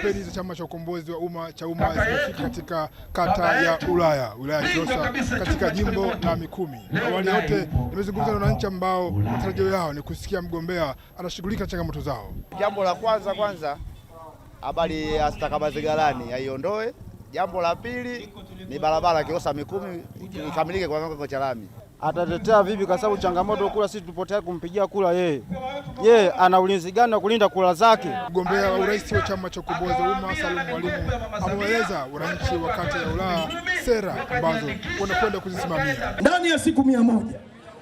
Kampeni za chama cha ukombozi wa umma cha umma zimefika katika kata ya Ulaya wilaya Kilosa katika jimbo la Mikumi. Awali yote nimezungumza na wananchi ambao matarajio yao ni kusikia mgombea anashughulika changamoto zao. Jambo la kwanza kwanza, habari ya stakabadhi ghalani aiondoe. Jambo la pili ni barabara Kilosa Mikumi ikamilike kwa kiwango cha lami. Atatetea vipi? Kwa sababu changamoto kula, sisi tupo tayari kumpigia kula yeye je, ana ulinzi gani wa kulinda kura zake? Mgombea wa urais wa chama cha Ukombozi wa Umma Salum Mwalimu amewaeleza wananchi wa kata ya Ulaya sera ambazo wanakwenda kuzisimamia ndani ya siku mia moja: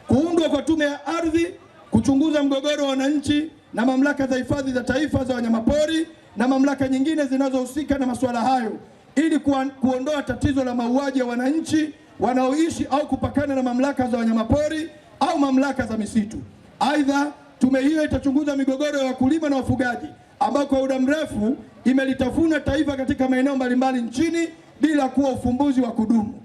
kuundwa kwa tume ya ardhi kuchunguza mgogoro wa wananchi na mamlaka za hifadhi za taifa za wanyamapori na mamlaka nyingine zinazohusika na masuala hayo ili kuondoa tatizo la mauaji ya wananchi wanaoishi au kupakana na mamlaka za wanyamapori au mamlaka za misitu. Aidha, Tume hiyo itachunguza migogoro ya wakulima na wafugaji ambao kwa muda mrefu imelitafuna taifa katika maeneo mbalimbali nchini bila kuwa ufumbuzi wa kudumu.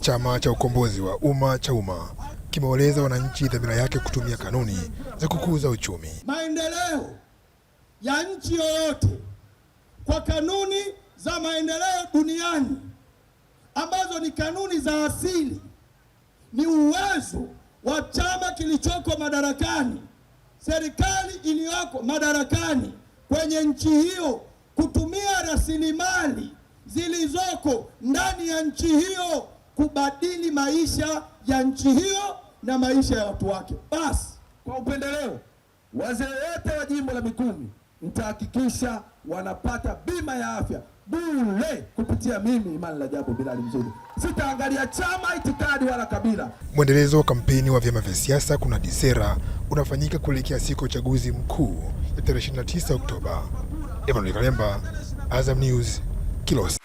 Chama cha Ukombozi wa Umma cha umma kimeeleza wananchi dhamira yake kutumia kanuni za kukuza uchumi. Maendeleo ya nchi yoyote kwa kanuni za maendeleo duniani ambazo ni kanuni za asili ni uwezo wa chama kilichoko madarakani serikali iliyoko madarakani kwenye nchi hiyo kutumia rasilimali zilizoko ndani ya nchi hiyo kubadili maisha ya nchi hiyo na maisha ya watu wake. Basi kwa upendeleo, wazee wote wa jimbo la Mikumi mtahakikisha wanapata bima ya afya bure kupitia mimi Imani Rajabu Bilali Mzuri. Sitaangalia chama, itikadi wala kabila. Mwendelezo wa kampeni wa vyama vya siasa kuna disera unafanyika kuelekea siku ya uchaguzi mkuu ya tarehe 29 Oktoba. Emmanuel Kalemba, Azam News, Kilosa.